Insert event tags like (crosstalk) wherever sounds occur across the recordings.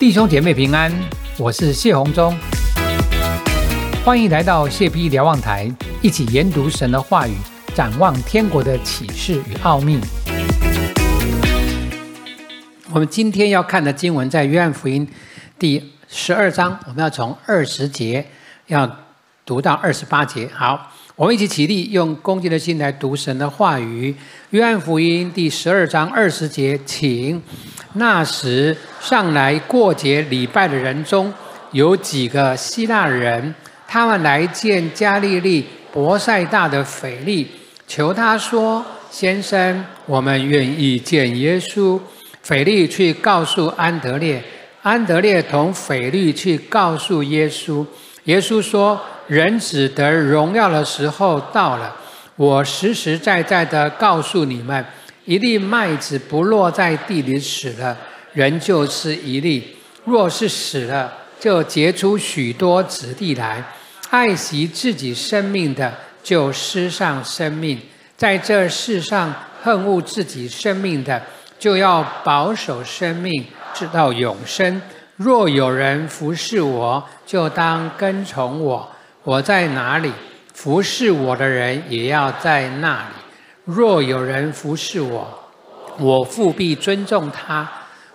弟兄姐妹平安，我是謝宏忠，歡迎來到謝批瞭望台，一起研讀神的話語，展望天國的啟示與奧秘。我們今天要看的經文在約翰福音第十二章，我們要從二十節要讀到二十八節。好。我們一起起立，用恭敬的心來讀神的話語。約翰福音第十二章二十節，請那時上來過節禮拜的人中有幾個希臘人，他們來見加利利伯賽大的腓力，求他說：“先生，我們願意見耶穌。”腓力去告訴安德烈，安德烈同腓力去告訴耶穌。耶穌說：“人子得榮耀的時候到了。我實實在在的告訴你們，一粒麥子不落在地裡死了，仍舊是一粒；若是死了，就結出許多子粒來。愛惜自己生命的，就失喪生命；在這世上恨惡自己生命的，就要保守生命，直到永生。”若有人服侍我，就當跟從我。我在哪裡，服侍我的人也要在那裡。若有人服侍我，我父必尊重他。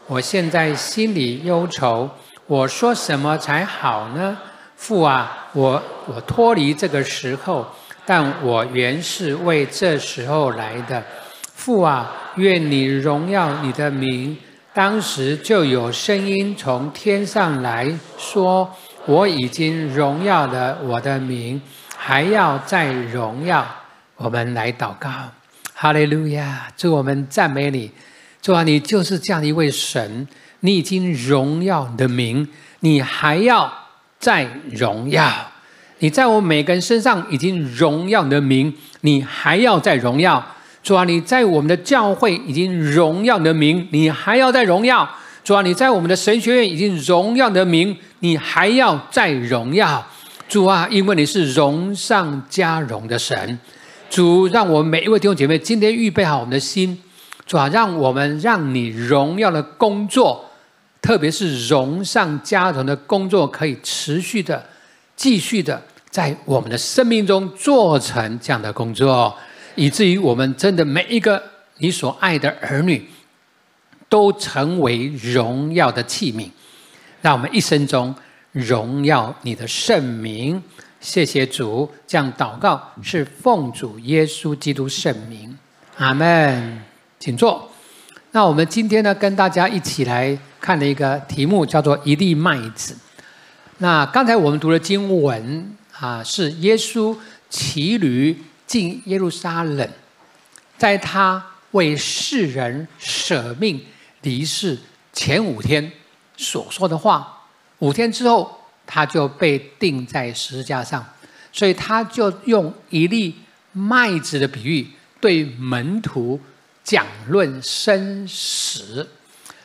我現在心裡憂愁，我說什麼才好呢？父啊，我我脫離這個時候，但我原是為這時候來的。父啊，願你榮耀你的名。當時就有聲音從天上來說：“我已經榮耀了我的名，還要再榮耀。”我們來禱告：“哈利路亞！”主，我們讚美你，主啊，你就是這樣一位神，你已經榮耀你的名，你還要再榮耀。你在我每個人身上已經榮耀你的名，你還要再榮耀。主啊，你在我們的教會已經榮耀你的名，你還要再榮耀；主啊，你在我們的神學院已經榮耀你的名，你還要再榮耀。主啊，因為你是榮上加榮的神。主，讓我們每一位弟兄姐妹今天預備好我們的心。主啊，讓我們讓你榮耀的工作，特別是榮上加榮的工作，可以持續的、繼續的在我們的生命中做成這樣的工作。以至於我們真的每一個你所愛的兒女，都成為榮耀的器皿。讓我們一生中榮耀你的聖名。謝謝主，這樣禱告是奉主耶穌基督聖名。阿門。請坐。那我們今天呢，跟大家一起來看了一個題目，叫做“一粒麥子”。那剛才我們讀的經文啊，是耶穌騎驢。進耶路撒冷，在他為世人捨命離世前五天所說的話，五天之後他就被釘在十字架上，所以他就用一粒麥子的比喻對門徒講論生死，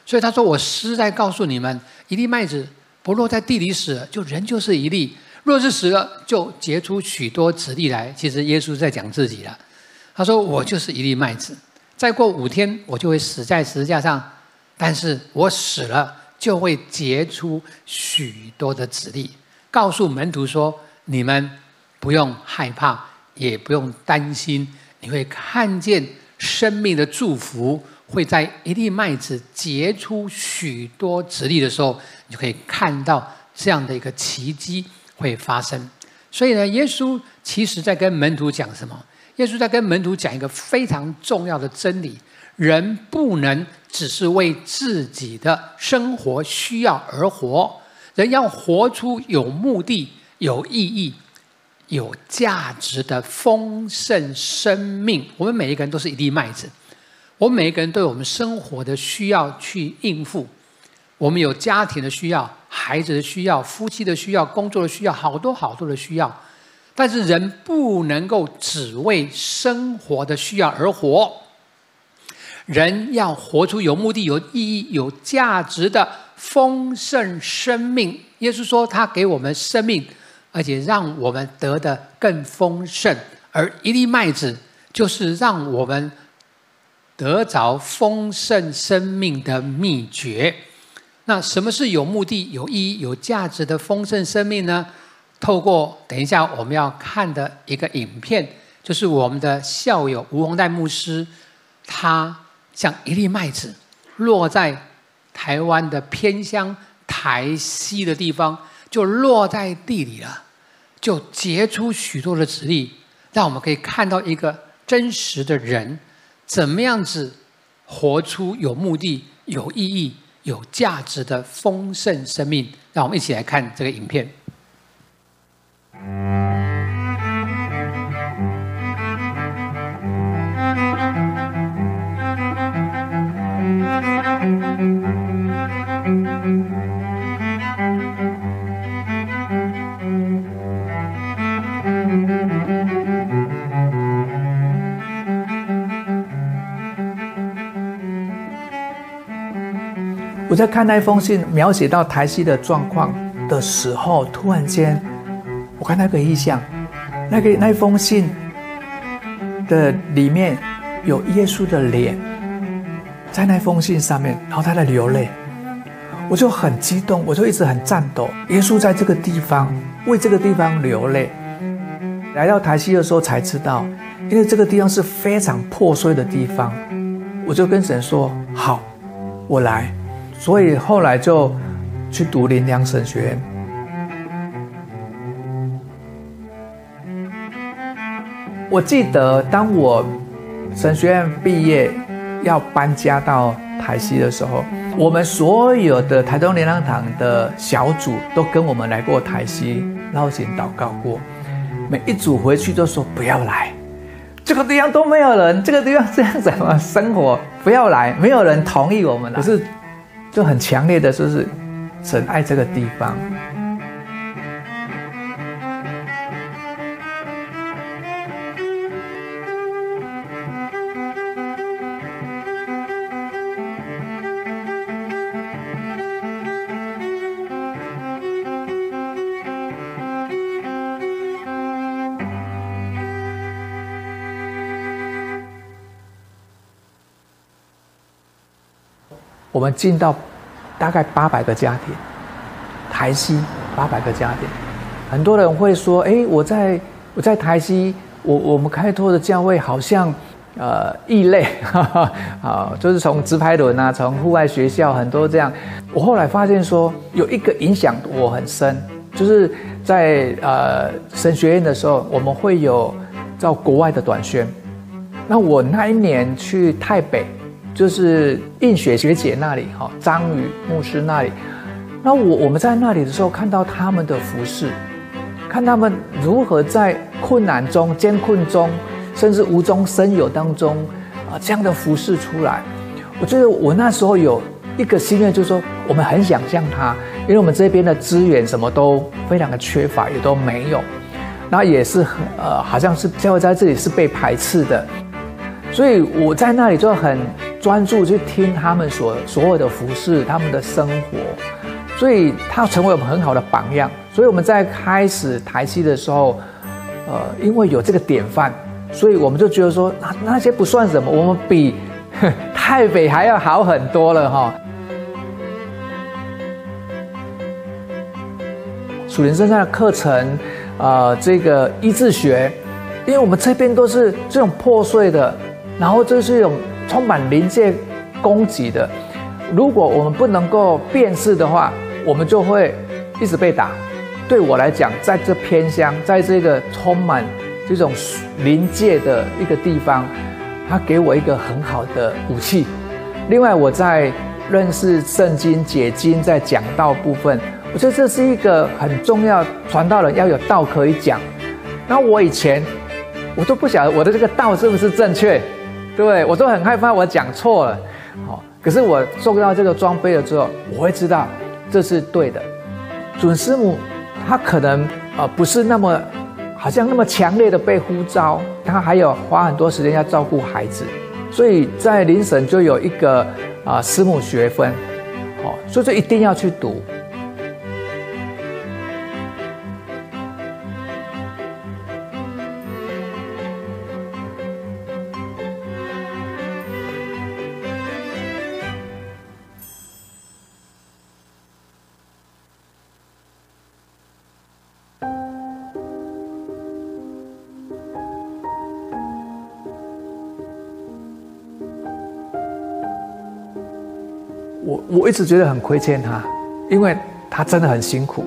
所以他說：“我實在告訴你們，一粒麥子不落在地裡死了，就仍舊是一粒。”若是死了，就結出許多子粒來。其實耶穌是在講自己了，他說：“我就是一粒麥子，再過五天我就會死在十字架上。但是我死了，就會結出許多的子粒。告訴門徒說：你們不用害怕，也不用擔心。你會看見生命的祝福會在一粒麥子結出許多子粒的時候，你就可以看到這樣的一個奇蹟。”會發生，所以呢，耶穌其實在跟門徒講什麼？耶穌在跟門徒講一個非常重要的真理：人不能只是為自己的生活需要而活，人要活出有目的、有意義、有價值的豐盛生命。我們每一個人都是一粒麥子，我們每一個人都有我們生活的需要去應付。我們有家庭的需要、孩子的需要、夫妻的需要、工作的需要，好多好多的需要。但是人不能夠只為生活的需要而活，人要活出有目的、有意義、有價值的豐盛生命。耶穌說，他給我們生命，而且讓我們得的更豐盛。而一粒麥子就是讓我們得着豐盛生命的秘訣。那什麼是有目的、有意義、有價值的豐盛生命呢？透過等一下我們要看的一個影片，就是我們的校友吳洪岱牧師，他像一粒麥子落在台灣的偏鄉台西的地方，就落在地裡了，就結出許多的籽粒，讓我們可以看到一個真實的人怎麼樣子活出有目的、有意義。有價值的豐盛生命，讓我們一起來看這個影片。在看那封信描寫到台西的狀況的時候，突然間，我看那個異象，那個那封信的裡面有耶穌的臉，在那封信上面，然後他在流淚，我就很激動，我就一直很顫抖。耶穌在這個地方為這個地方流淚。來到台西的時候才知道，因為這個地方是非常破碎的地方，我就跟神說：“好，我來。”所以後來就去讀林良神學院。我記得當我神學院畢業要搬家到台西的時候，我們所有的台東林良堂的小組都跟我們來過台西繞境禱告過，每一組回去都說不要來，這個地方都沒有人，這個地方這樣怎麼生活不要來，沒有人同意我們來。可是。就很強烈的，就是很愛這個地方。我們進到大概八百個家庭，台西八百個家庭，很多人會說：“哎，我在我在台西，我我們開拓的教會好像呃異類哈哈，啊， (laughs) 就是從直排輪啊，從戶外學校很多這樣。”我後來發現說有一個影響我很深，就是在呃神學院的時候，我們會有到國外的短宣。那我那一年去泰北。就是映雪學姐那裡哈，張宇牧師那裡，那我我們在那裡的時候，看到他們的服侍，看他們如何在困難中、艱困中，甚至無中生有當中啊這樣的服侍出來。我覺得我那時候有一個心願，就是說我們很想像他，因為我們這邊的資源什麼都非常的缺乏，也都沒有，那也是很呃，好像是教會在這裡是被排斥的，所以我在那裡就很。專注去聽他們所所有的服侍，他們的生活，所以他成為我們很好的榜樣。所以我們在開始台西的時候，呃，因為有這個典範，所以我們就覺得說，那那些不算什麼，我們比泰北還要好很多了哈、哦。楚林先生下的課程，啊、呃，這個醫治學，因為我們這邊都是這種破碎的，然後就是一種。充滿靈界攻擊的，如果我們不能夠辨識的話，我們就會一直被打。對我來講，在這偏鄉，在這個充滿這種靈界的一個地方，他給我一個很好的武器。另外，我在認識聖經解經，在講道部分，我覺得這是一個很重要，傳道人要有道可以講。那我以前，我都不曉得我的這個道是不是正確。對我都很害怕，我講錯了，好、哦，可是我受到這個裝備了之後，我會知道這是對的。準師母，她可能啊、呃、不是那麼，好像那麼強烈的被呼召，她還有花很多時間要照顧孩子，所以在臨神就有一個啊、呃、師母學分，好、哦，所以就一定要去讀。一直覺得很虧欠他，因為他真的很辛苦，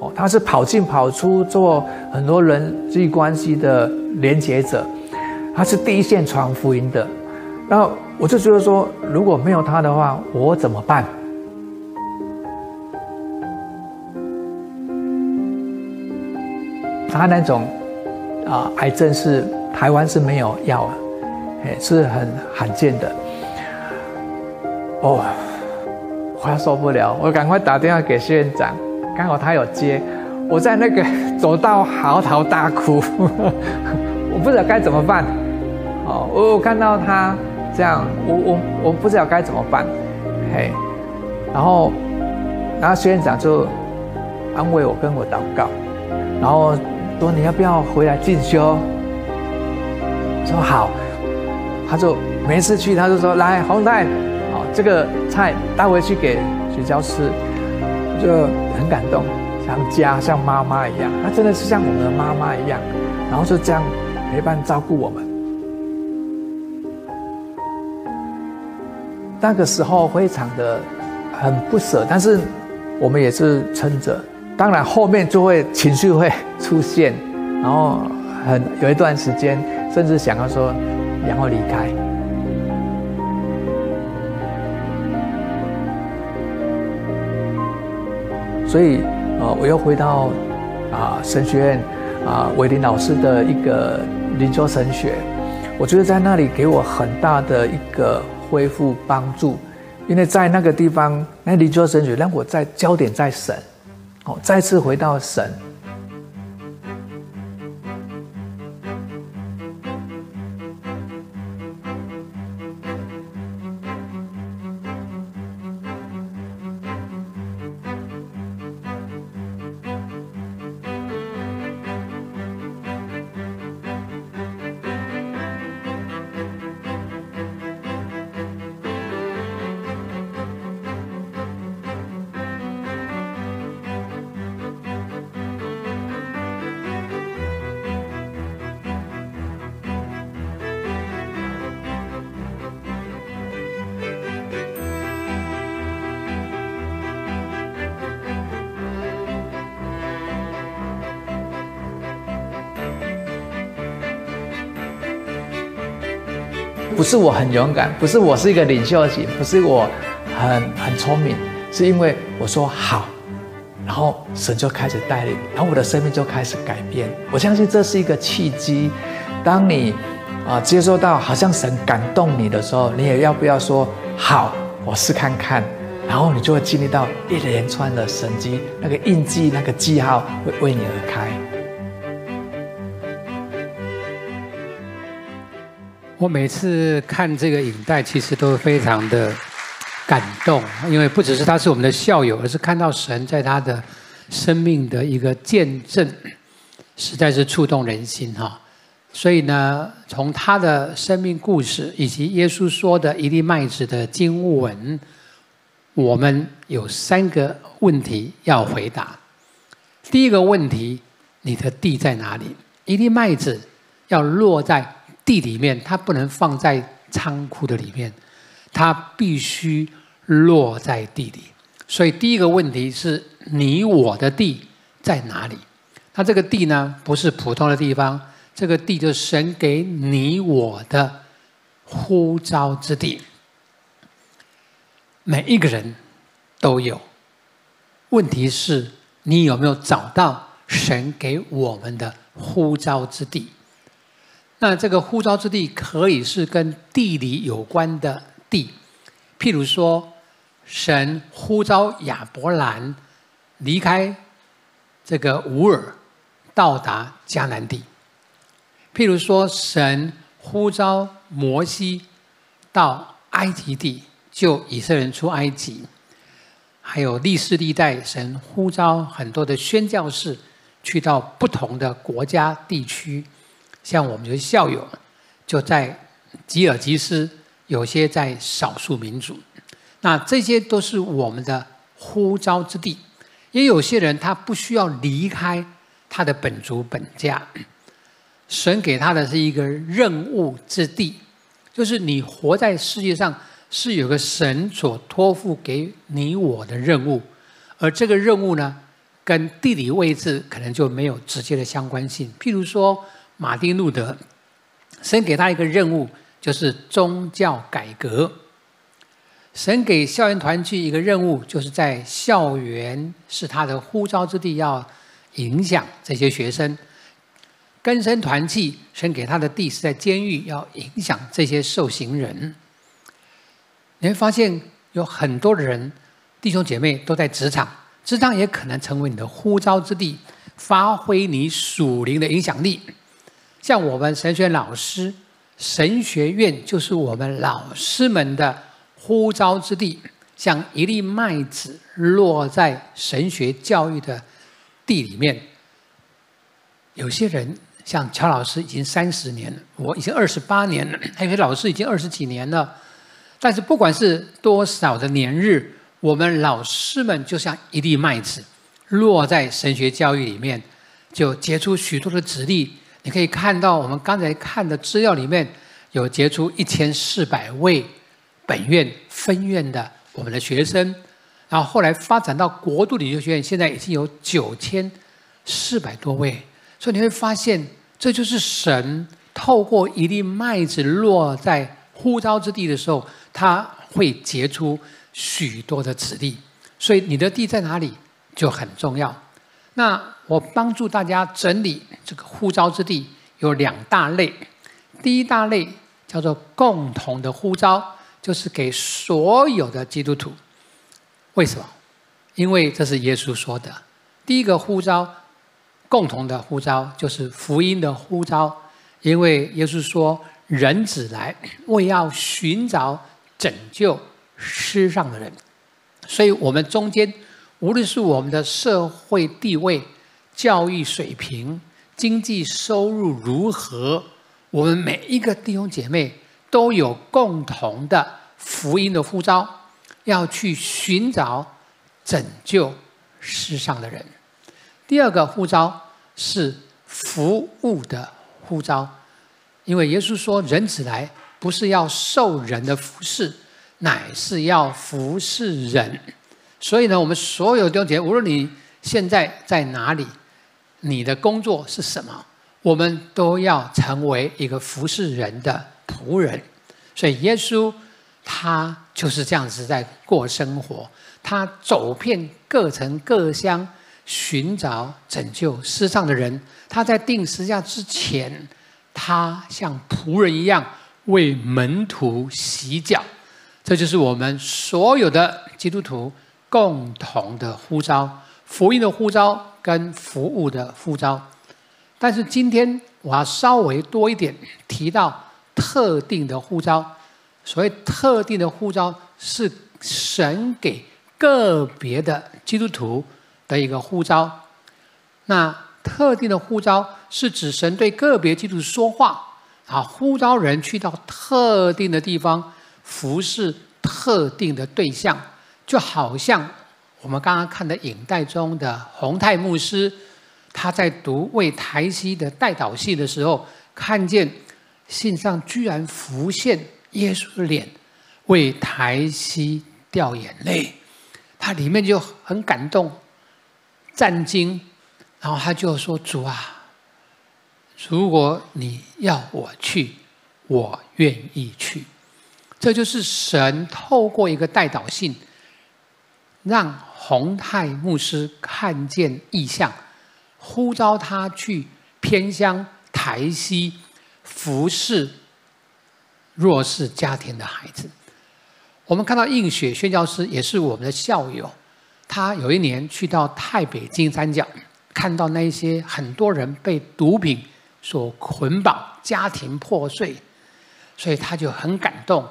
哦，他是跑進跑出做很多人際關係的連接者，他是第一線傳福音的，然後我就覺得說，如果沒有他的話，我怎麼辦？他那種啊，癌症是台灣是沒有藥的，哎，是很罕見的，哦。我要受不了，我趕快打電話給謝院長，剛好他有接，我在那個走道嚎啕大哭，呵呵，我不知道該怎麼辦。哦，我看到他這樣，我我我不知道該怎麼辦，嘿，然後，然後謝院長就安慰我，跟我禱告，然後說你要不要回來進修？我說好，他就每次去他就說來洪太。」這個菜帶回去給學校吃，就很感動，像家，像媽媽一樣。她真的是像我們的媽媽一樣，然後就這樣陪伴照顧我們。那個時候非常的很不捨，但是我們也是撐着。當然後面就會情緒會出現，然後很有一段時間，甚至想要說然後離開。所以，啊，我又回到，啊，神學院，啊，韋林老師的一個靈修神學，我覺得在那裡給我很大的一個恢復幫助，因為在那個地方，那靈修神學讓我在焦點在神，哦，再次回到神。不是我很勇敢，不是我是一個領袖型，不是我很很聰明，是因為我說好，然後神就開始帶領，然後我的生命就開始改變。我相信這是一個契機。當你啊、呃、接受到好像神感動你的時候，你也要不要說好，我試看看，然後你就會經歷到一連串的神蹟，那個印記、那個記號會為你而開。我每次看這個影帶，其實都非常的感動，因為不只是他是我們的校友，而是看到神在他的生命的一個見證，實在是觸動人心哈、哦。所以呢，從他的生命故事以及耶穌說的一粒麥子的經文，我們有三個問題要回答。第一個問題：你的地在哪裡？一粒麥子要落在地裡面，它不能放在倉庫的裡面，它必須落在地裡。所以，第一個問題是：你我的地在哪裡？它這個地呢，不是普通的地方，這個地就是神給你我的呼召之地。每一個人都有，問題是：你有沒有找到神給我們的呼召之地？那這個呼召之地可以是跟地理有關的地，譬如說，神呼召亞伯蘭離開這個烏爾，到達迦南地；譬如說，神呼召摩西到埃及地救以色列人出埃及；還有歷世歷代神呼召很多的宣教士去到不同的國家地區。像我們有些校友，就在吉爾吉斯，有些在少數民族，那這些都是我們的呼召之地。也有些人他不需要離開他的本族本家，神給他的是一個任務之地，就是你活在世界上是有個神所托付給你我的任務，而這個任務呢，跟地理位置可能就沒有直接的相關性，譬如說，馬丁路德，神給他一個任務，就是宗教改革。神給校園團契一個任務，就是在校園是他的呼召之地，要影響這些學生。更生團契，神給他的地是在監獄，要影響這些受刑人。你會發現有很多人，弟兄姐妹都在職場，職場也可能成為你的呼召之地，發揮你屬靈的影響力。像我們神學老師，神學院就是我們老師們的呼召之地。像一粒麥子落在神學教育的地裡面，有些人像喬老師已經三十年了，我已經二十八年，還有些老師已經二十幾年了。但是不管是多少的年日，我們老師們就像一粒麥子落在神學教育裡面，就結出許多的子粒。你可以看到，我們剛才看的資料裡面，有結出一千四百位本院分院的我們的學生，然後後來發展到國度理學學院，現在已經有九千四百多位。所以你會發現，這就是神透過一粒麥子落在呼召之地的時候，他會結出許多的子粒，所以你的地在哪裡就很重要。那我幫助大家整理這個呼召之地有兩大類，第一大類叫做共同的呼召，就是給所有的基督徒。為什麼？因為這是耶穌說的。第一個呼召，共同的呼召就是福音的呼召，因為耶穌說：“人子來，為要尋找拯救世上的人。”所以，我們中間。無論是我們的社會地位、教育水平、經濟收入如何，我們每一個弟兄姐妹都有共同的福音的呼召，要去尋找拯救世上的人。第二個呼召是服務的呼召，因為耶穌說：“人子來不是要受人的服侍，乃是要服侍人。”所以呢，我們所有弟兄姐妹，無論你現在在哪裡，你的工作是什麼，我們都要成為一個服侍人的僕人。所以耶穌他就是這樣子在過生活，他走遍各城各鄉，尋找拯救世上的人。他在釘十字架之前，他像僕人一樣為門徒洗腳。這就是我們所有的基督徒共同的呼召、福音的呼召跟服務的呼召，但是今天我要稍微多一點提到特定的呼召。所謂特定的呼召，是神給個別的基督徒的一個呼召。那特定的呼召是指神對個別基督徒說話，啊，呼召人去到特定的地方服侍特定的對象。就好像我們剛剛看的影帶中的洪泰牧師，他在讀為台西的代禱信的時候，看見信上居然浮現耶穌的臉，為台西掉眼淚，他裡面就很感動，戰兢，然後他就說：“主啊，如果你要我去，我願意去。”這就是神透過一個代禱信。讓洪泰牧師看見異象，呼召他去偏鄉台西服侍弱勢家庭的孩子。我們看到映雪宣教師也是我們的校友，他有一年去到泰北金三角，看到那些很多人被毒品所捆綁，家庭破碎，所以他就很感動，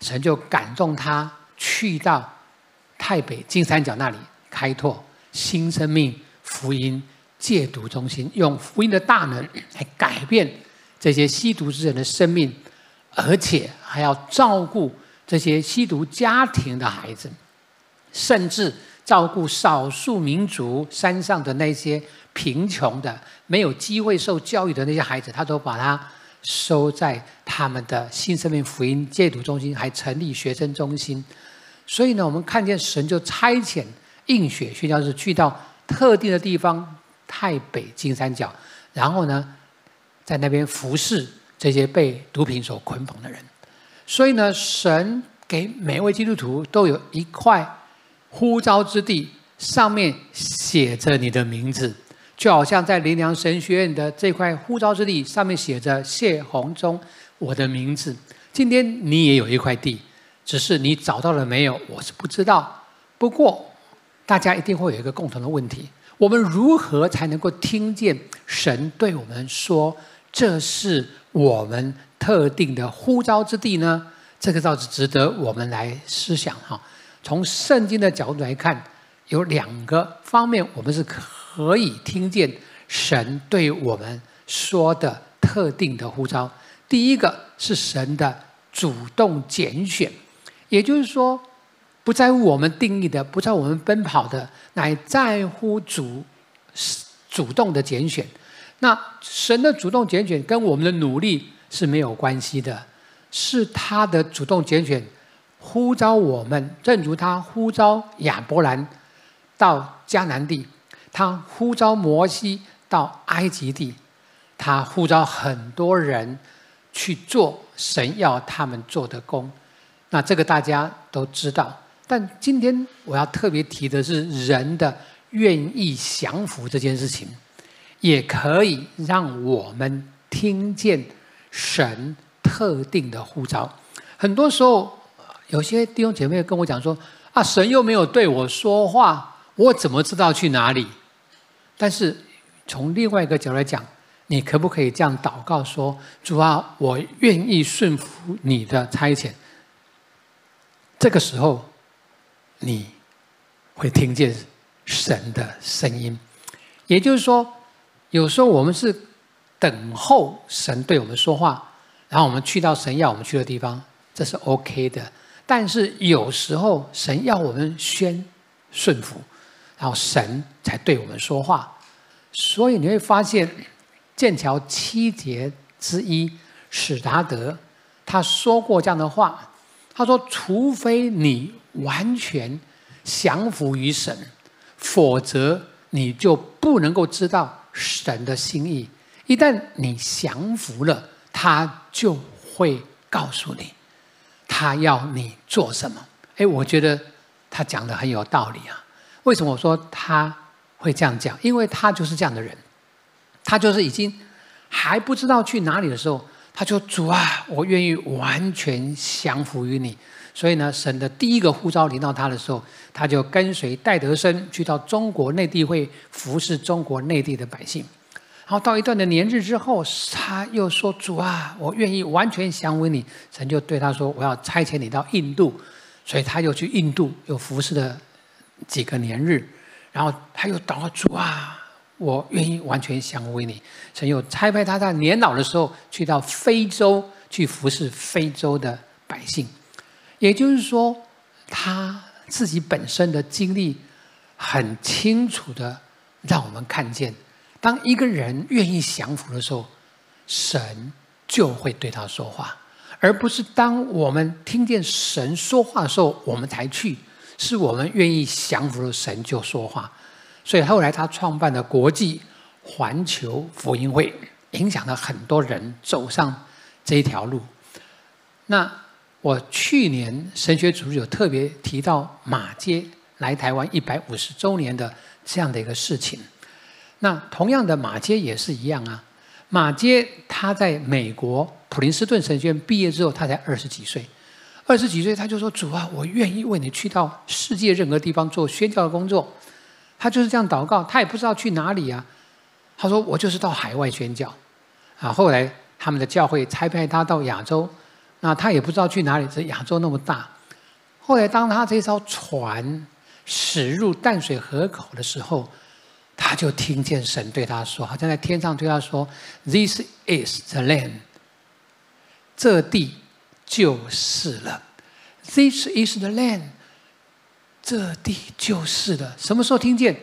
神就感動他去到。泰北金三角那裡開拓新生命福音戒毒中心，用福音的大能來改變這些吸毒之人的生命，而且還要照顧這些吸毒家庭的孩子，甚至照顧少數民族山上的那些貧窮的、沒有機會受教育的那些孩子，他都把他收在他們的新生命福音戒毒中心，還成立學生中心。所以呢，我們看見神就差遣應許宣教士去到特定的地方——泰北金三角，然後呢，在那邊服侍這些被毒品所捆綁的人。所以呢，神給每位基督徒都有一塊呼召之地，上面寫着你的名字，就好像在靈糧神學院的這塊呼召之地上面寫着謝宏忠我的名字。今天你也有一塊地。只是你找到了沒有？我是不知道。不過，大家一定會有一個共同的問題：我們如何才能夠聽見神對我們說，這是我們特定的呼召之地呢？這個倒是值得我們來思想哈。從聖經的角度來看，有兩個方面，我們是可以聽見神對我們說的特定的呼召。第一個是神的主動揀選。也就是說，不在乎我們定意的，不在乎我們奔跑的，乃在乎主主動的揀選。那神的主動揀選跟我們的努力是沒有關係的，是他的主動揀選呼召我們，正如他呼召亞伯蘭到迦南地，他呼召摩西到埃及地，他呼召很多人去做神要他們做的工。那這個大家都知道，但今天我要特別提的是人的願意降服這件事情，也可以讓我們聽見神特定的呼召。很多時候，有些弟兄姐妹跟我講說：“啊，神又沒有對我說話，我怎麼知道去哪裡？”但是從另外一個角度來講，你可不可以這樣禱告說：“主啊，我願意順服你的差遣。”這個時候，你會聽見神的聲音。也就是說，有時候我們是等候神對我們說話，然後我們去到神要我們去的地方，這是 OK 的。但是有時候神要我們先順服，然後神才對我們說話。所以你會發現，劍橋七傑之一史達德他說過這樣的話。他說：“除非你完全降服於神，否則你就不能夠知道神的心意。一旦你降服了，他就會告訴你，他要你做什麼。”哎，我覺得他講的很有道理啊。為什麼我說他會這樣講？因為他就是這樣的人，他就是已經還不知道去哪裡的時候。他就說：“主啊，我願意完全降服於你。”所以呢，神的第一個呼召臨到他的時候，他就跟隨戴德生去到中國內地會服侍中國內地的百姓。然後到一段的年日之後，他又說：“主啊，我願意完全降服於你。”神就對他說：“我要差遣你到印度。”所以他就去印度，又服侍了幾個年日。然後他又禱告：“主啊。”我願意完全降服你。神又差派他在年老的時候去到非洲去服侍非洲的百姓，也就是說，他自己本身的經歷很清楚的讓我們看見，當一個人願意降服的時候，神就會對他說話，而不是當我們聽見神說話的時候，我們才去，是我們願意降服了，神就說話。所以後來他創辦了國際環球福音會，影響了很多人走上這一條路。那我去年神學主日有特別提到馬偕來台灣一百五十周年的這樣的一個事情。那同樣的馬偕也是一樣啊。馬偕他在美國普林斯頓神學院畢業之後，他才二十幾歲，二十幾歲他就說：“主啊，我願意為你去到世界任何地方做宣教的工作。”他就是這樣禱告，他也不知道去哪裡啊。他說：“我就是到海外宣教。”啊，後來他們的教會差派他到亞洲，那他也不知道去哪裡，這亞洲那麼大。後來，當他這艘船駛入淡水河口的時候，他就聽見神對他說：“好像在天上對他說，‘This is the land。’這地就是了。This is the land。”這地就是了。什麼時候聽見？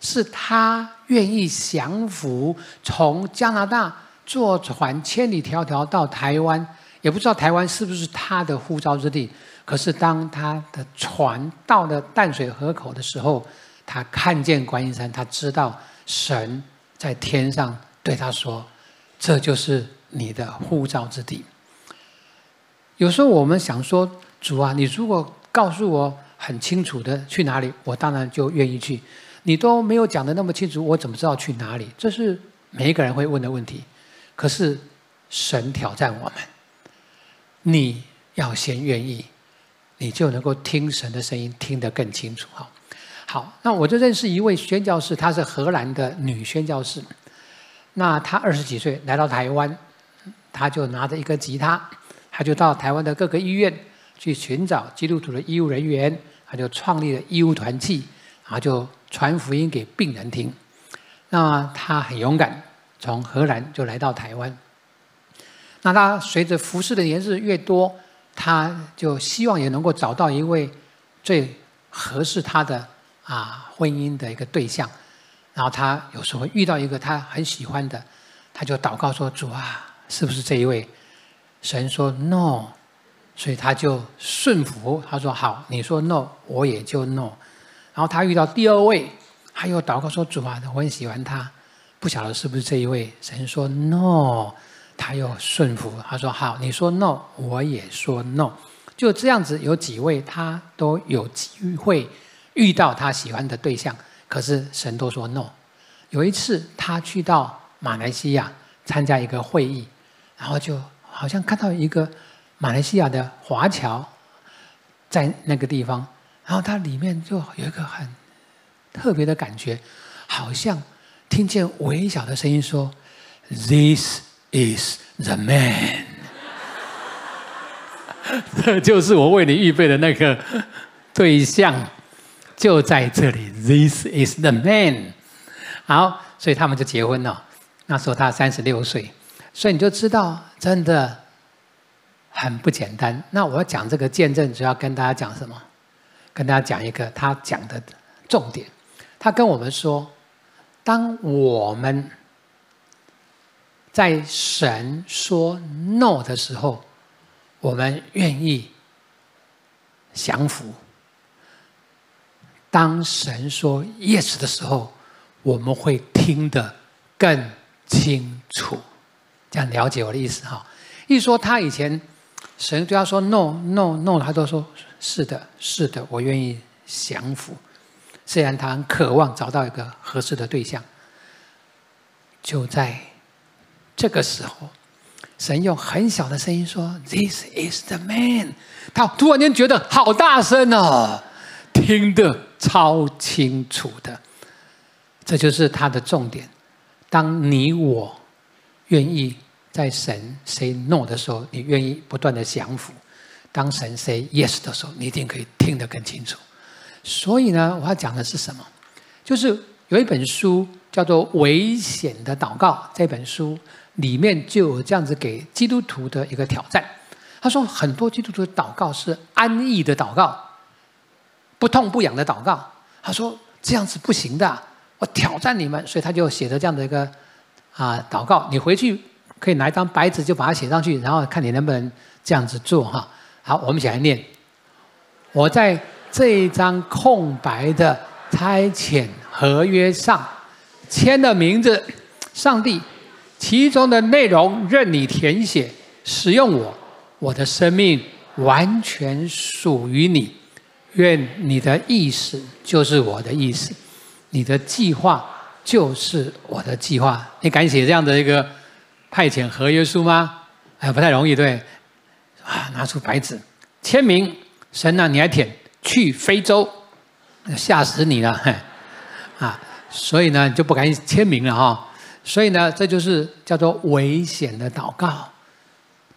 是他願意降服，從加拿大坐船千里迢迢到台灣，也不知道台灣是不是他的呼召之地。可是當他的船到了淡水河口的時候，他看見觀音山，他知道神在天上對他說：“這就是你的呼召之地。”有時候我們想說：“主啊，你如果告訴我，”很清楚的去哪裡，我當然就願意去。你都沒有講得那麼清楚，我怎麼知道去哪裡？這是每一個人會問的問題。可是神挑戰我們，你要先願意，你就能夠聽神的聲音，聽得更清楚。好，好，那我就認識一位宣教士，她是荷蘭的女宣教士。那她二十幾歲來到台灣，她就拿着一個吉他，她就到台灣的各個醫院去尋找基督徒的醫務人員。他就創立了醫務團契，然後就傳福音給病人聽。那麼他很勇敢，從荷蘭就來到台灣。那他隨着服侍的年日越多，他就希望也能夠找到一位最合適他的啊婚姻的一個對象。然後他有時候遇到一個他很喜歡的，他就禱告說：“主啊，是不是這一位？”神說：“No。”所以他就順服，他說好，你說 no，我也就 no。然後他遇到第二位，他又禱告說：“主啊，我很喜歡他，不曉得是不是這一位。”神說 no，他又順服，他說好，你說 no，我也說 no。就這樣子，有幾位他都有機會遇到他喜歡的對象，可是神都說 no。有一次他去到馬來西亞參加一個會議，然後就好像看到一個。馬來西亞的華僑在那個地方，然後他裡面就有一個很特別的感覺，好像聽見微小的聲音說：“This is the man。”這就是我為你預備的那個對象，就在這裡。“This is the man。”好，所以他們就結婚了。那時候他三十六歲，所以你就知道，真的。很不簡單。那我要講這個見證，主要跟大家講什麼？跟大家講一個他講的重點。他跟我們說，當我們在神說 “no” 的時候，我們願意降服；當神說 “yes” 的時候，我們會聽得更清楚。這樣了解我的意思哈？一說他以前。神對他說：“No, No, No！” 他都說：“是的，是的，我願意降服。”雖然他很渴望找到一個合適的對象，就在這個時候，神用很小的聲音說：“This is the man。”他突然間覺得好大聲啊，聽得超清楚的。這就是他的重點。當你我願意。在神 say no 的時候，你願意不斷的降服；當神 say yes 的時候，你一定可以聽得更清楚。所以呢，我要講的是什麼？就是有一本書叫做《危險的禱告》，這本書裡面就有這樣子給基督徒的一個挑戰。他說，很多基督徒的禱告是安逸的禱告，不痛不癢的禱告。他說這樣子不行的，我挑戰你們。所以他就寫了這樣的一個啊、呃、禱告，你回去。可以拿一張白紙，就把它寫上去，然後看你能不能這樣子做哈。好，我們一起來念。我在這一張空白的差遣合約上簽了名字，上帝，其中的內容任你填寫，使用我，我的生命完全屬於你，願你的意思就是我的意思，你的計劃就是我的計劃。你敢寫這樣的一個。派遣合約書嗎？哎，不太容易，對。啊，拿出白紙簽名，神吶、啊，你來填？去非洲，嚇死你了！哎、啊，所以呢，你就不敢簽名了哈、哦。所以呢，這就是叫做危險的禱告。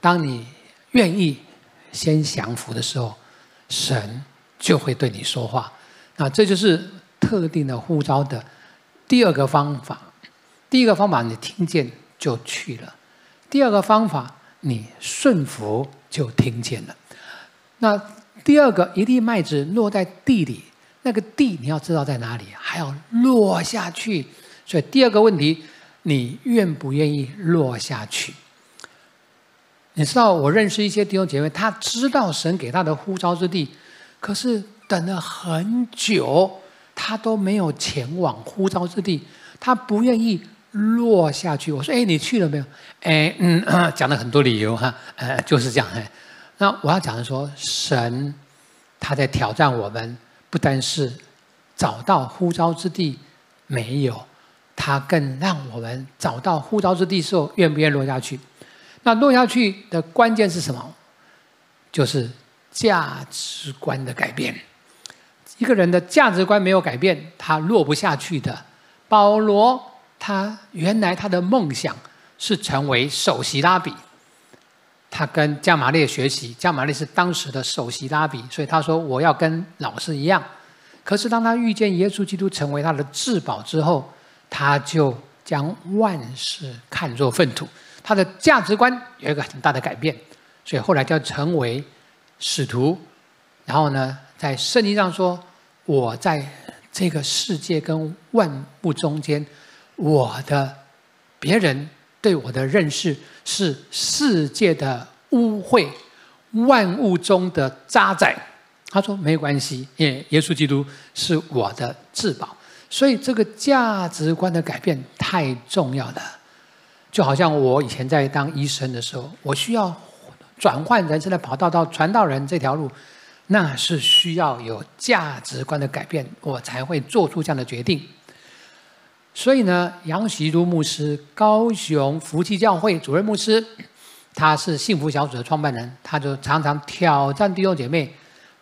當你願意先降服的時候，神就會對你說話。那這就是特定的呼召的第二個方法。第一個方法，你聽見。就去了。第二個方法，你順服就聽見了。那第二個，一粒麥子落在地裡，那個地你要知道在哪裡，還要落下去。所以第二個問題，你願不願意落下去？你知道，我認識一些弟兄姐妹，他知道神給他的呼召之地，可是等了很久，他都沒有前往呼召之地，他不願意落下去，我說：“誒、欸，你去了沒有？”誒、欸，嗯，講了很多理由哈，呃，就是這樣。欸，那我要講的說，神他在挑戰我們，不單是找到呼召之地，沒有，他更讓我們找到呼召之地時候願不願意落下去？那落下去的關鍵是什麼？就是價值觀的改變。一個人的價值觀沒有改變，他落不下去的。保羅。他原來他的夢想是成為首席拉比，他跟迦瑪列學習，迦瑪列是當時的首席拉比，所以他說，我要跟老師一樣。可是當他遇見耶穌基督成為他的至寶之後，他就將萬事看作糞土，他的價值觀有一個很大的改變，所以後來就成為使徒。然後呢，在聖經上說，我在這個世界跟萬物中間。我的別人對我的認識是世界的污穢，萬物中的渣滓。他說：“沒關係，耶，耶穌基督是我的至寶。”所以，這個價值觀的改變太重要了。就好像我以前在當醫生的時候，我需要轉換人生的跑道到傳道人這條路，那是需要有價值觀的改變，我才會做出這樣的決定。所以呢，楊錫儒牧師，高雄福氣教會主任牧師，他是幸福小組的創辦人，他就常常挑戰弟兄姐妹：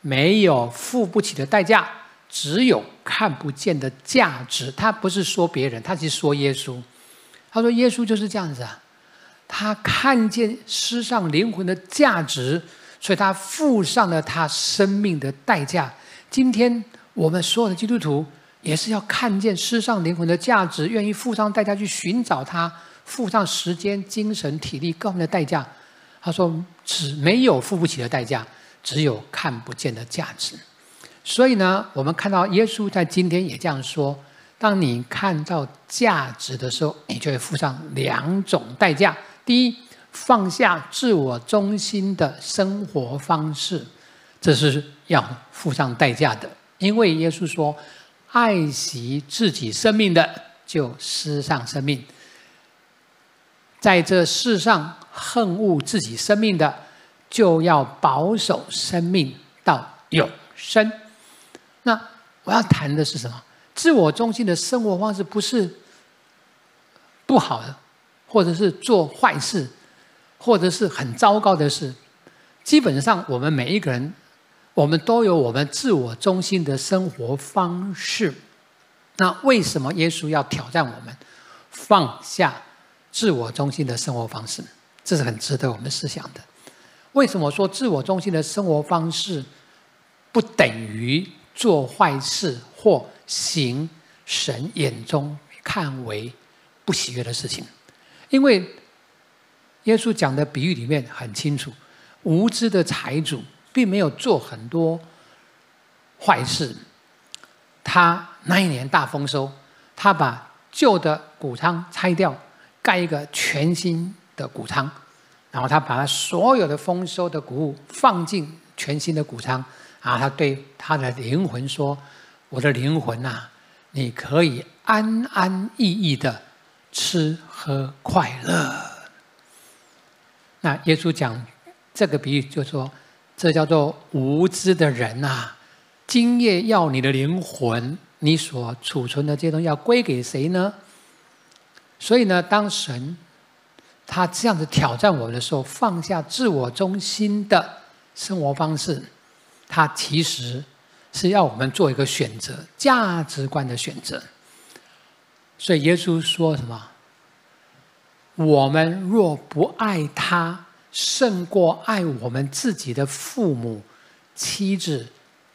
沒有付不起的代價，只有看不見的價值。他不是說別人，他是說耶穌。他說耶穌就是這樣子啊，他看見世上靈魂的價值，所以他付上了他生命的代價。今天我們所有的基督徒。也是要看見世上靈魂的價值，願意付上代價去尋找他，付上時間、精神、體力各方面的代價。他說：“只沒有付不起的代價，只有看不見的價值。”所以呢，我們看到耶穌在今天也這樣說：當你看到價值的時候，你就會付上兩種代價。第一，放下自我中心的生活方式，這是要付上代價的，因為耶穌說。愛惜自己生命的，就失喪生命；在這世上恨惡自己生命的，就要保守生命到永生。那我要談的是什麼？自我中心的生活方式不是不好的，或者是做壞事，或者是很糟糕的事。基本上，我們每一個人。我們都有我們自我中心的生活方式，那為什麼耶穌要挑戰我們放下自我中心的生活方式呢？這是很值得我們思想的。為什麼說自我中心的生活方式不等於做壞事或行神眼中看為不喜悅的事情？因為耶穌講的比喻裡面很清楚，無知的財主。並沒有做很多壞事。他那一年大豐收，他把舊的穀倉拆掉，蓋一個全新的穀倉，然後他把他所有的豐收的穀物放進全新的穀倉。啊，他對他的靈魂說：“我的靈魂吶、啊，你可以安安逸逸的吃喝快樂。”那耶穌講這個比喻，就是說。這叫做無知的人吶！今夜要你的靈魂，你所儲存的這些東西要歸給誰呢？所以呢，當神他這樣子挑戰我們的時候，放下自我中心的生活方式，他其實是要我們做一個選擇，價值觀的選擇。所以耶穌說什麼？我們若不愛他。勝過愛我們自己的父母、妻子、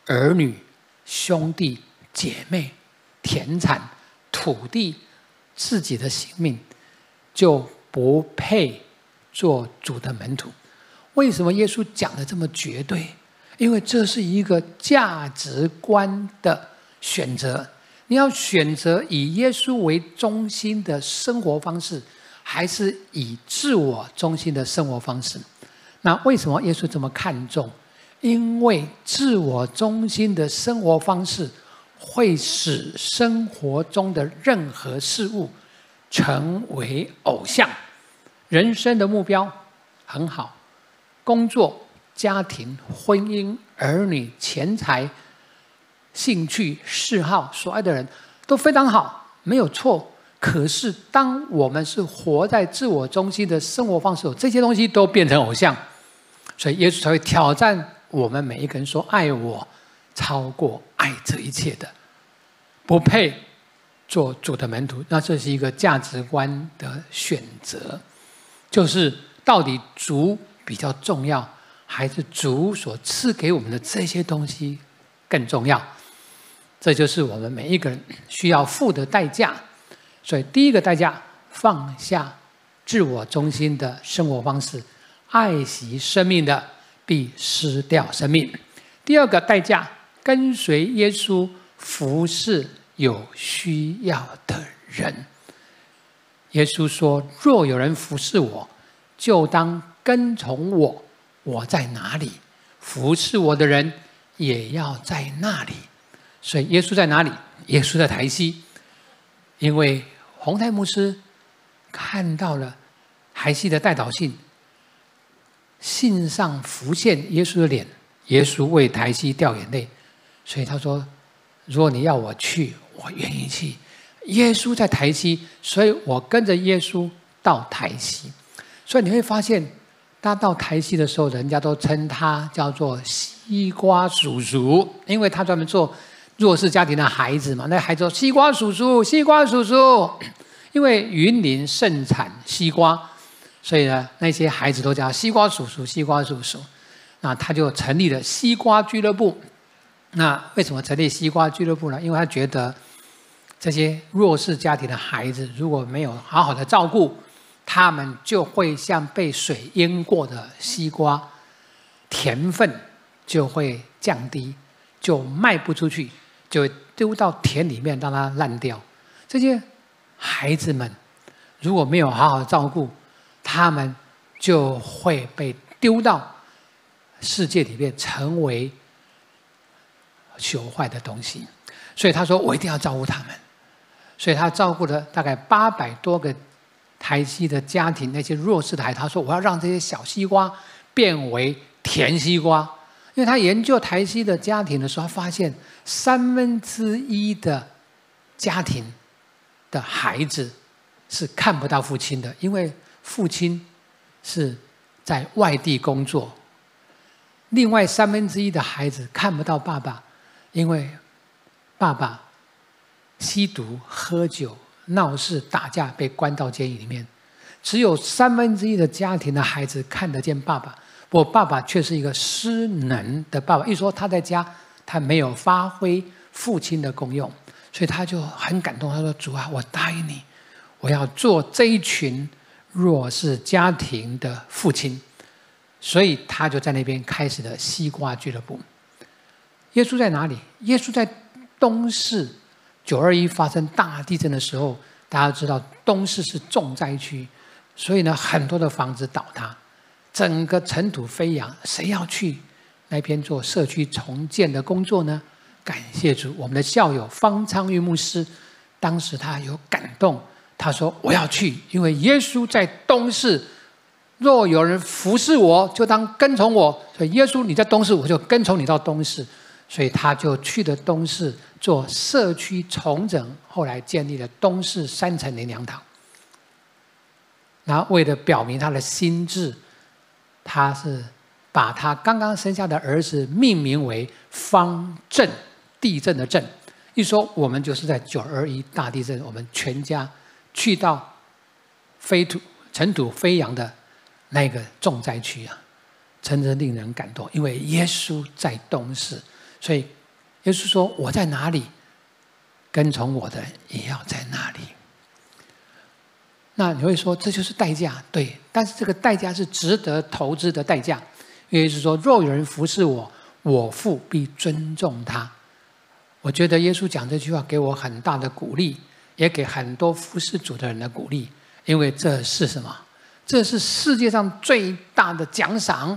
兒女、兄弟姐妹、田產、土地、自己的性命，就不配做主的門徒。為什麼耶穌講得這麼絕對？因為這是一個價值觀的選擇。你要選擇以耶穌為中心的生活方式。還是以自我中心的生活方式，那為什麼耶穌這麼看重？因為自我中心的生活方式會使生活中的任何事物成為偶像。人生的目標很好，工作、家庭、婚姻、兒女、錢財、興趣、嗜好、所愛的人，都非常好，沒有錯。可是，當我們是活在自我中心的生活方式，這些東西都變成偶像，所以耶穌才會挑戰我們每一個人：說愛我，超過愛這一切的，不配做主的門徒。那這是一個價值觀的選擇，就是到底主比較重要，還是主所賜給我們的這些東西更重要？這就是我們每一個人需要付的代價。所以，第一個代價，放下自我中心的生活方式，愛惜生命的必失掉生命。第二個代價，跟隨耶穌服侍有需要的人。耶穌說：“若有人服侍我，就當跟從我。我在哪裡，服侍我的人也要在那裡。”所以，耶穌在哪裡？耶穌在台西。因為洪太牧師看到了台西的代禱信，信上浮現耶穌的臉，耶穌為台西掉眼淚，所以他說：“如果你要我去，我願意去。耶穌在台西，所以我跟着耶穌到台西。所以你會發現，他到台西的時候，人家都稱他叫做西瓜叔叔，因為他專門做。”弱勢家庭的孩子嘛，那孩子說：“西瓜叔叔，西瓜叔叔。”因為雲林盛產西瓜，所以呢，那些孩子都叫西瓜叔叔、西瓜叔叔。那他就成立了西瓜俱樂部。那為什麼成立西瓜俱樂部呢？因為他覺得這些弱勢家庭的孩子如果沒有好好的照顧，他們就會像被水淹過的西瓜，甜分就會降低，就賣不出去。就丟到田裡面讓它爛掉，這些孩子們如果沒有好好照顧，他們就會被丟到世界裡面成為朽壞的東西。所以他說：“我一定要照顧他們。”所以他照顧了大概八百多個台西的家庭，那些弱勢的孩子，他說：“我要讓這些小西瓜變為甜西瓜。”因為他研究台西的家庭的時候，他發現，三分之一的家庭的孩子是看不到父親的，因為父親是在外地工作；另外三分之一的孩子看不到爸爸，因為爸爸吸毒、喝酒、鬧事、打架，被關到監獄裡面。只有三分之一的家庭的孩子看得見爸爸，我爸爸卻是一個失能的爸爸。一說他在家。他沒有發揮父親的功用，所以他就很感動。他說：“主啊，我答應你，我要做這一群弱勢家庭的父親。”所以他就在那邊開始了西瓜俱樂部。耶穌在哪裡？耶穌在東勢。九二一發生大地震的時候，大家都知道東勢是重災區，所以呢，很多的房子倒塌，整個塵土飛揚，誰要去？那邊做社區重建的工作呢？感謝主，我們的校友方昌玉牧師，當時他有感動，他說：“我要去，因為耶穌在東市，若有人服侍我，就當跟從我。”所以耶穌你在東市，我就跟從你到東市。所以他就去的東市做社區重整，後來建立了東市三層的兩堂。那為了表明他的心志，他是，把他剛剛生下的兒子命名為方正，地震的震。一說我們就是在九二一大地震，我們全家去到飛土塵土飛揚的那個重災區啊，真的令人感動。因為耶穌在東勢，所以耶穌說：“我在哪裡，跟從我的也要在那裡。”那你會說這就是代價？對，但是這個代價是值得投資的代價。意思是說，若有人服侍我，我父必尊重他。我覺得耶穌講這句話給我很大的鼓勵，也給很多服侍主的人的鼓勵。因為這是什麼？這是世界上最大的獎賞，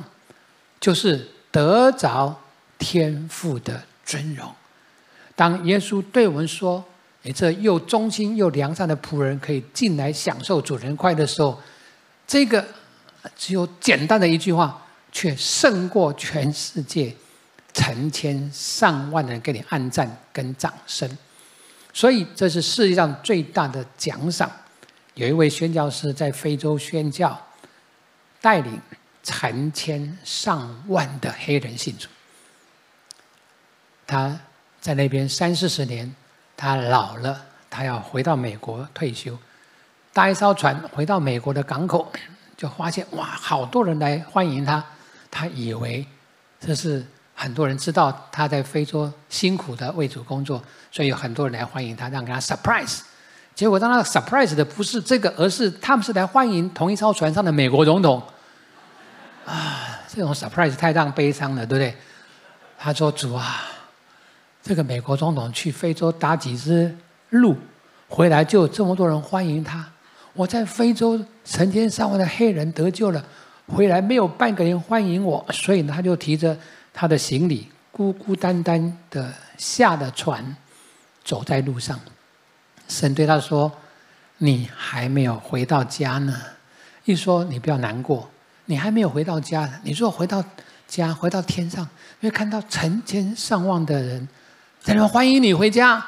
就是得着天父的尊榮。當耶穌對我們說：“你這又忠心又良善的僕人，可以進來享受主人快樂的時候”，這個只有簡單的一句話。卻勝過全世界成千上萬的人給你按讚跟掌聲，所以這是世界上最大的獎賞。有一位宣教士在非洲宣教，帶領成千上萬的黑人信主，他在那邊三四十年，他老了，他要回到美國退休，搭一艘船回到美國的港口，就發現哇，好多人來歡迎他。他以為這是很多人知道他在非洲辛苦的為主工作，所以有很多人來歡迎他，讓給他 surprise。結果讓他 surprise 的不是這個，而是他們是來歡迎同一艘船上的美國總統。啊，這種 surprise 太讓悲傷了，對不對？他說：“主啊，這個美國總統去非洲打幾隻鹿，回來就有這麼多人歡迎他。我在非洲成千上萬的黑人得救了。”回來沒有半個人歡迎我，所以呢，他就提着他的行李，孤孤單單的下了船，走在路上。神對他說：“你還沒有回到家呢。”一說，你不要難過，你還沒有回到家，你若回到家，回到天上，會看到成千上萬的人在那歡迎你回家。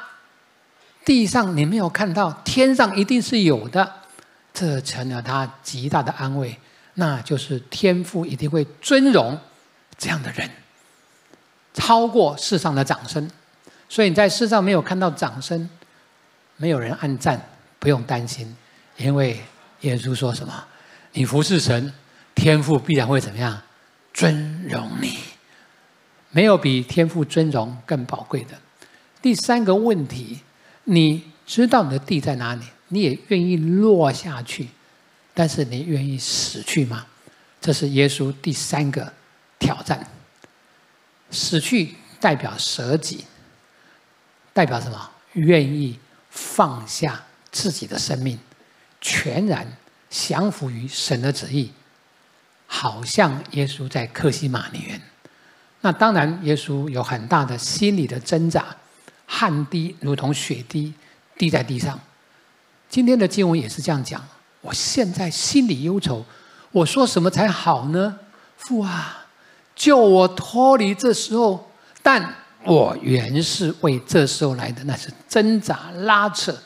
地上你沒有看到，天上一定是有的。這成了他極大的安慰。那就是天父一定會尊榮這樣的人，超過世上的掌聲。所以你在世上沒有看到掌聲，沒有人按讚，不用擔心，因為耶穌說什麼？你服侍神，天父必然會怎麼樣？尊榮你，沒有比天父尊榮更寶貴的。第三個問題，你知道你的地在哪裡？你也願意落下去。但是你願意死去嗎？這是耶穌第三個挑戰。死去代表捨己，代表什麼？願意放下自己的生命，全然降服於神的旨意，好像耶穌在客西馬尼園。那當然，耶穌有很大的心理的掙扎，汗滴如同血滴滴在地上。今天的經文也是這樣講。我現在心裡憂愁，我說什麼才好呢？父啊，救我脫離這時候！但我原是為這時候來的，那是掙扎拉扯，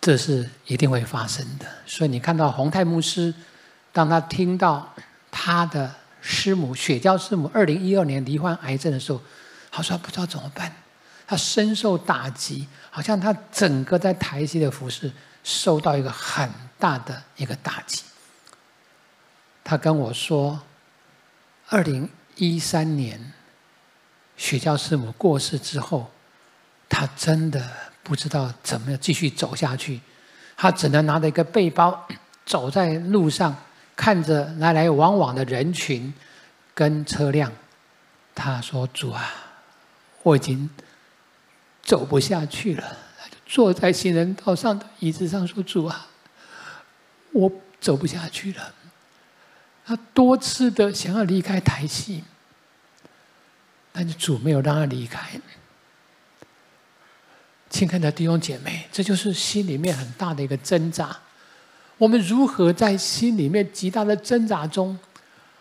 這是一定會發生的。所以你看到洪泰牧師，當他聽到他的師母雪嬌師母二零一二年罹患癌症的時候，他說他不知道怎麼辦，他深受打擊，好像他整個在台西的服侍。受到一個很大的一個打擊，他跟我說，二零一三年許教師母過世之後，他真的不知道怎麼樣繼續走下去，他只能拿着一個背包走在路上，看着來來往往的人群跟車輛，他說：“主啊，我已經走不下去了。”坐在行人道上的椅子上說：“主啊，我走不下去了。”他多次的想要離開台西，但是主沒有讓他離開。親愛的弟兄姐妹，這就是心裡面很大的一個掙扎。我們如何在心裡面極大的掙扎中，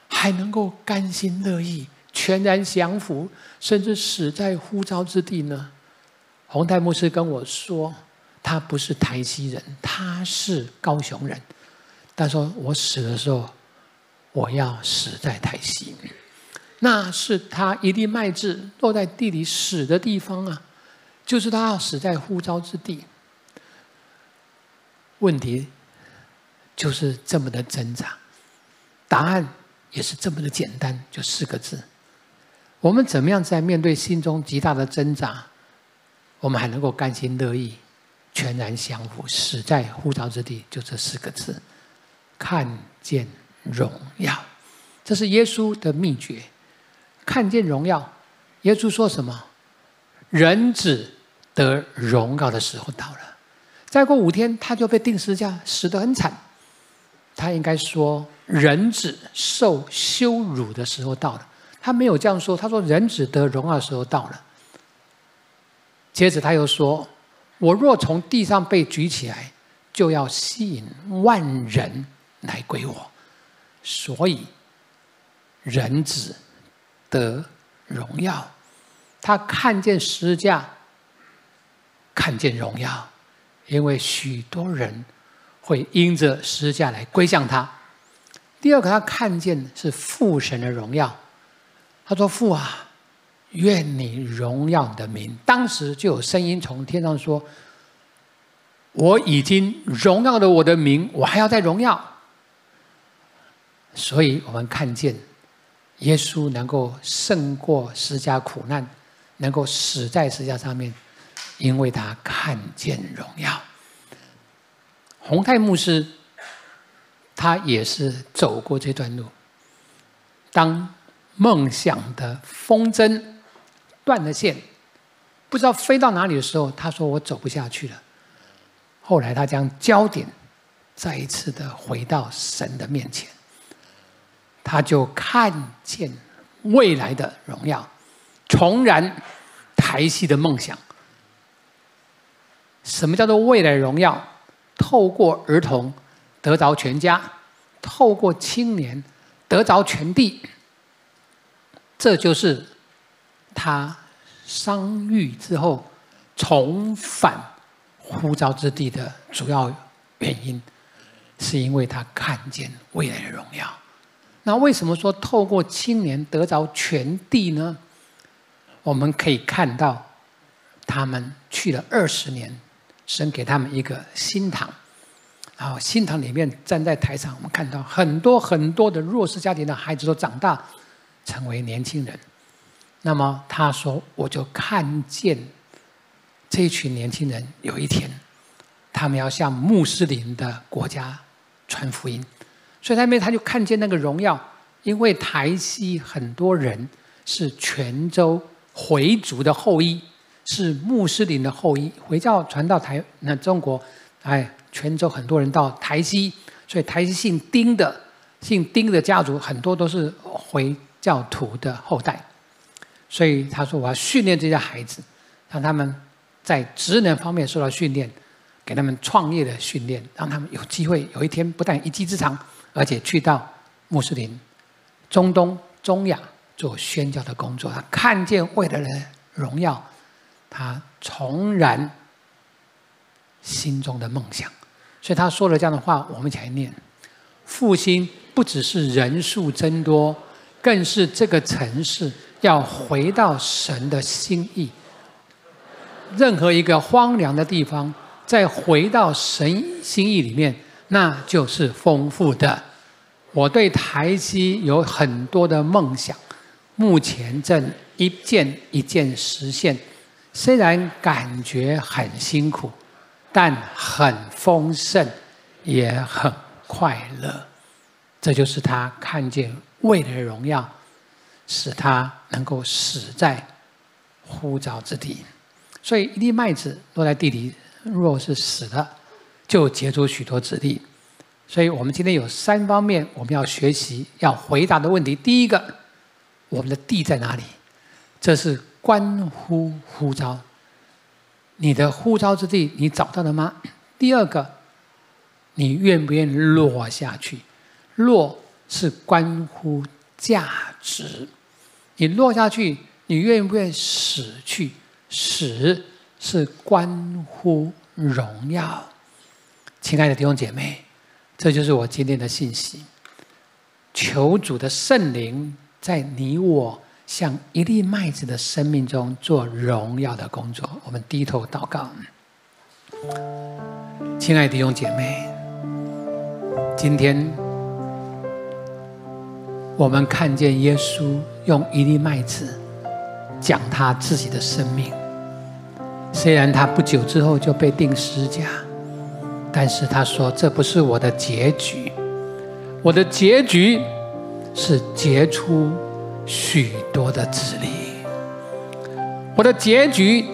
還能夠甘心樂意、全然降服，甚至死在呼召之地呢？洪泰牧師跟我說：“他不是台西人，他是高雄人。”他說：“我死的時候，我要死在台西，那是他一粒麥子落在地裡死的地方啊，就是他要死在呼召之地。”問題就是這麼的掙扎，答案也是這麼的簡單，就四個字：我們怎麼樣在面對心中極大的掙扎？我們還能夠甘心樂意，全然降服，死在呼召之地，就這四個字，看見榮耀，這是耶穌的秘訣。看見榮耀，耶穌說什麼？人子得榮耀的時候到了。再過五天，他就被釘十字架，死得很慘。他應該說，人子受羞辱的時候到了。他沒有這樣說，他說，人子得榮耀的時候到了。接着他又說：“我若從地上被舉起來，就要吸引萬人來歸我。所以，人子得榮耀。他看見十架，看見榮耀，因為許多人會因着十架來歸向他。第二個，他看見的是父神的榮耀。他說：‘父啊。’願你榮耀你的名。當時就有聲音從天上說：“我已經榮耀了我的名，我還要再榮耀。”所以我們看見耶穌能夠勝過十架苦難，能夠死在十架上面，因為他看見榮耀。洪泰牧師，他也是走過這段路，當夢想的風箏斷了線，不知道飛到哪裡的時候，他說：“我走不下去了。”後來他將焦點再一次的回到神的面前，他就看見未來的榮耀，重燃台西的夢想。什麼叫做未來榮耀？透過兒童得着全家，透過青年得着全地，這就是他，傷癒之後重返呼召之地的主要原因，是因為他看見未來的榮耀。那為什麼說透過青年得着全地呢？我們可以看到，他們去了二十年，神給他們一個新堂，然後新堂裡面站在台上，我們看到很多很多的弱勢家庭的孩子都長大，成為年輕人。那麼他說：“我就看見這群年輕人，有一天，他們要向穆斯林的國家傳福音，所以他們他就看見那個榮耀。因為台西很多人是泉州回族的後裔，是穆斯林的後裔，回教傳到台那中國，哎，泉州很多人到台西，所以台西姓丁的、姓丁的家族很多都是回教徒的後代。”所以他說：“我要訓練這些孩子，讓他們在職能方面受到訓練，給他們創業的訓練，讓他們有機會有一天不但一技之長，而且去到穆斯林、中東、中亞做宣教的工作。他看見未來的人榮耀，他重燃心中的夢想。所以他說了這樣的話，我們才念：復興不只是人數增多，更是這個城市。”要回到神的心意，任何一個荒涼的地方，再回到神心意裡面，那就是豐富的。我對台西有很多的夢想，目前正一件一件實現，雖然感覺很辛苦，但很豐盛，也很快樂。這就是他看見未來的榮耀。使他能夠死在呼召之地，所以一粒麥子落在地裡，若是死了，就結出許多子粒。所以我們今天有三方面我們要學習要回答的問題：第一個，我們的地在哪裡？這是關乎呼召。你的呼召之地，你找到了嗎？第二個，你願不願意落下去？落是關乎價值。你落下去，你願不願意死去？死是關乎榮耀。親愛的弟兄姐妹，這就是我今天的信息。求主的聖靈在你我像一粒麥子的生命中做榮耀的工作。我們低頭禱告。親愛的弟兄姐妹，今天我們看見耶穌。用一粒麥子講他自己的生命，雖然他不久之後就被釘十字架，但是他說：“這不是我的結局，我的結局是結出許多的子粒，我的結局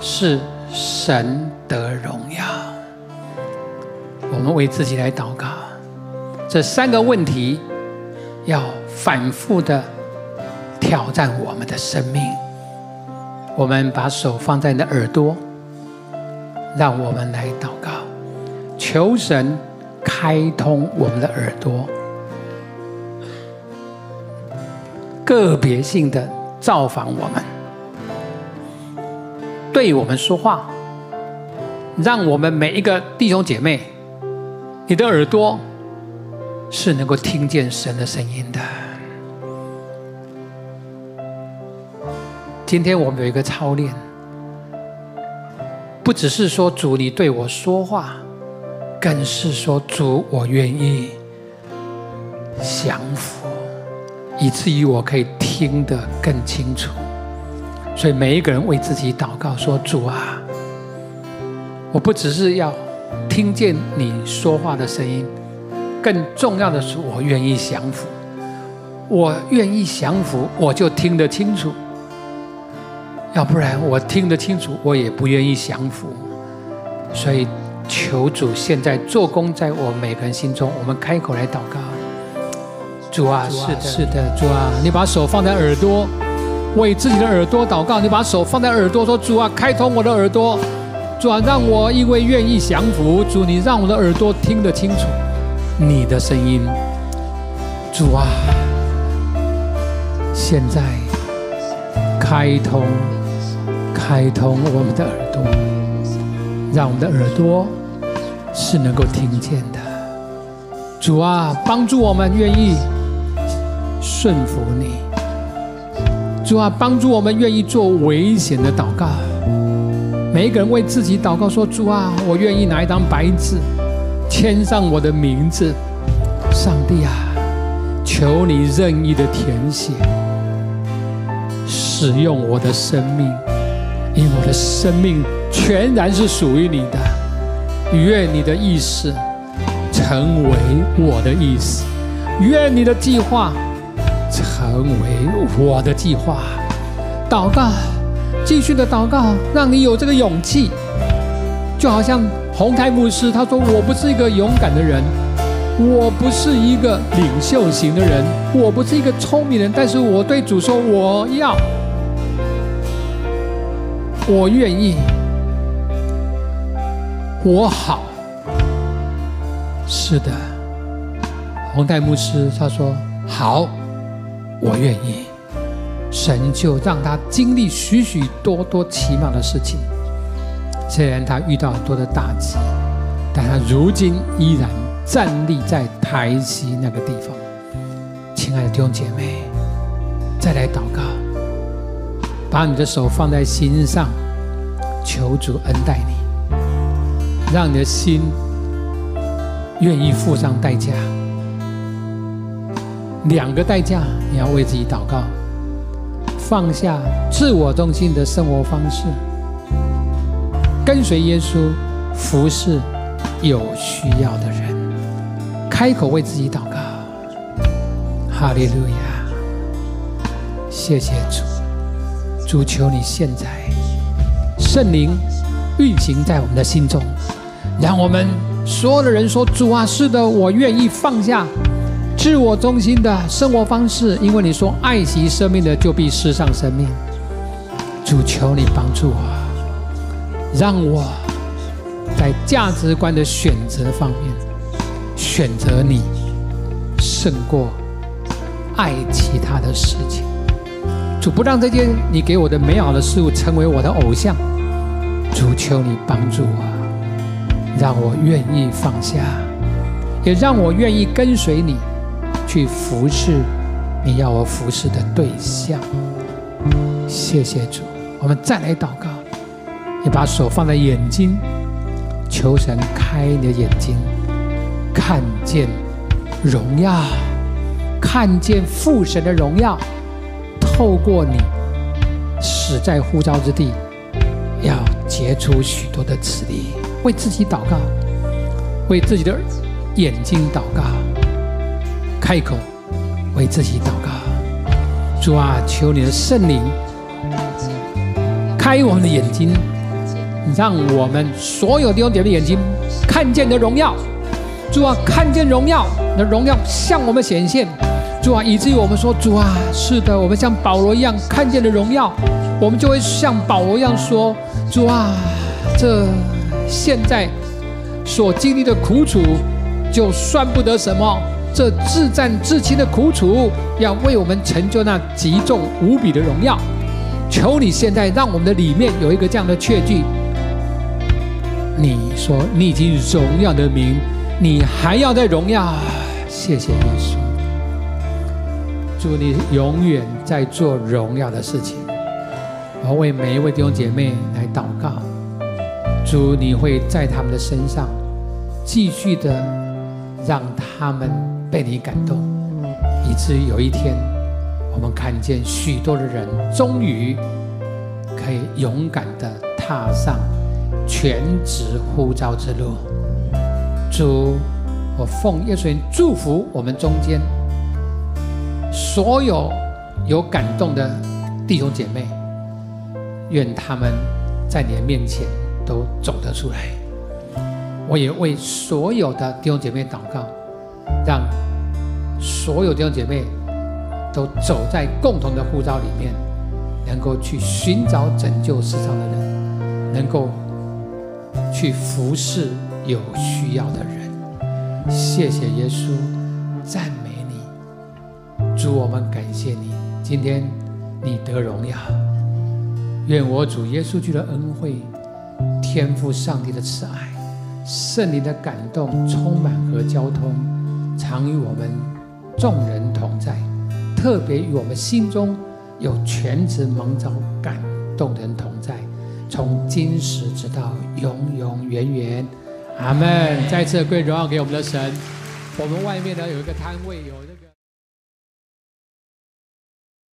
是神的榮耀。”我們為自己來禱告，這三個問題要反復的。挑戰我們的生命。我們把手放在你的耳朵，讓我們來禱告，求神開通我們的耳朵，個別性的造訪我們，對我們說話，讓我們每一個弟兄姐妹，你的耳朵是能夠聽見神的聲音的。今天我們有一個操練，不只是說主，你對我說話，更是說主，我願意降服，以至於我可以聽得更清楚。所以每一個人為自己禱告說：“主啊，我不只是要聽見你說話的聲音，更重要的是我願意降服，我願意降服，我就聽得清楚。”要不然我聽得清楚，我也不願意降服。所以求主現在做工在我每個人心中。我們開口來禱告，主啊，是的，啊、是的，主、啊是的主啊，主啊，你把手放在耳朵，為自己的耳朵禱告。你把手放在耳朵說，說主啊，開通我的耳朵，主啊，讓我因為願意降服，主你讓我的耳朵聽得清楚你的聲音。主啊，現在開通。開通我們的耳朵，讓我們的耳朵是能夠聽見的。主啊，幫助我們願意順服你。主啊，幫助我們願意做危險的禱告。每一個人為自己禱告，說：“主啊，我願意拿一張白紙，簽上我的名字。上帝啊，求你任意的填寫，使用我的生命。”因為我的生命全然是屬於你的，願你的意思成為我的意思，願你的計劃成為我的計劃。禱告，繼續的禱告，讓你有這個勇氣。就好像洪泰牧師他說：“我不是一個勇敢的人，我不是一個領袖型的人，我不是一個聰明人，但是我對主說，我要。”我願意，我好。是的，洪泰牧師他說好，我願意。神就讓他經歷許許多多奇妙的事情。雖然他遇到很多的打擊，但他如今依然站立在台西那個地方。親愛的弟兄姐妹，再來禱告。把你的手放在心上，求主恩待你，讓你的心願意付上代價。兩個代價，你要為自己禱告：放下自我中心的生活方式，跟隨耶穌，服侍有需要的人，開口為自己禱告。哈利路亞，謝謝主。主求你現在，聖靈運行在我們的心中，讓我們所有的人說：“主啊，是的，我願意放下自我中心的生活方式，因為你說愛惜生命的就必失喪生命。”主求你幫助我，讓我在價值觀的選擇方面選擇你，勝過愛其他的事情。不讓這件你給我的美好的事物成為我的偶像，主求你幫助我，讓我願意放下，也讓我願意跟隨你，去服侍你要我服侍的對象。謝謝主，我們再來禱告。你把手放在眼睛，求神開你的眼睛，看見榮耀，看見父神的榮耀。透過你死在呼召之地，要結出許多的子粒，為自己禱告，為自己的眼睛禱告，開口為自己禱告。主啊，求你的聖靈開我們的眼睛，讓我們所有的弟兄姐妹的眼睛看見你的榮耀。主啊，看見榮耀，那榮耀向我們顯現。主啊，以至於我們說主啊，是的，我們像保羅一樣看見了榮耀，我們就會像保羅一樣說：主啊，這現在所經歷的苦楚就算不得什麼，這至暫至輕的苦楚，要為我們成就那極重無比的榮耀。求你現在讓我們的裡面有一個這樣的確據。你說你已經榮耀的名，你還要再榮耀。謝謝耶穌。主，你永遠在做榮耀的事情。我為每一位弟兄姐妹來禱告，主，你會在他們的身上繼續的讓他們被你感動，以至於有一天，我們看見許多的人終於可以勇敢的踏上全職呼召之路。主，我奉耶穌祝福我們中間。所有有感動的弟兄姐妹，願他們在你的面前都走得出來。我也為所有的弟兄姐妹禱告，讓所有弟兄姐妹都走在共同的呼召裡面，能夠去尋找拯救世上的人，能夠去服侍有需要的人。謝謝耶穌，讚美。主，我們感謝你，今天你得榮耀。願我主耶穌基督的恩惠、天父上帝的慈愛、聖靈的感動充滿和交通，常與我們眾人同在，特別與我們心中有全職蒙召感動的人同在，從今時直到永永遠遠。阿門。再次歸榮耀給我們的神。我們外面呢，有一個攤位有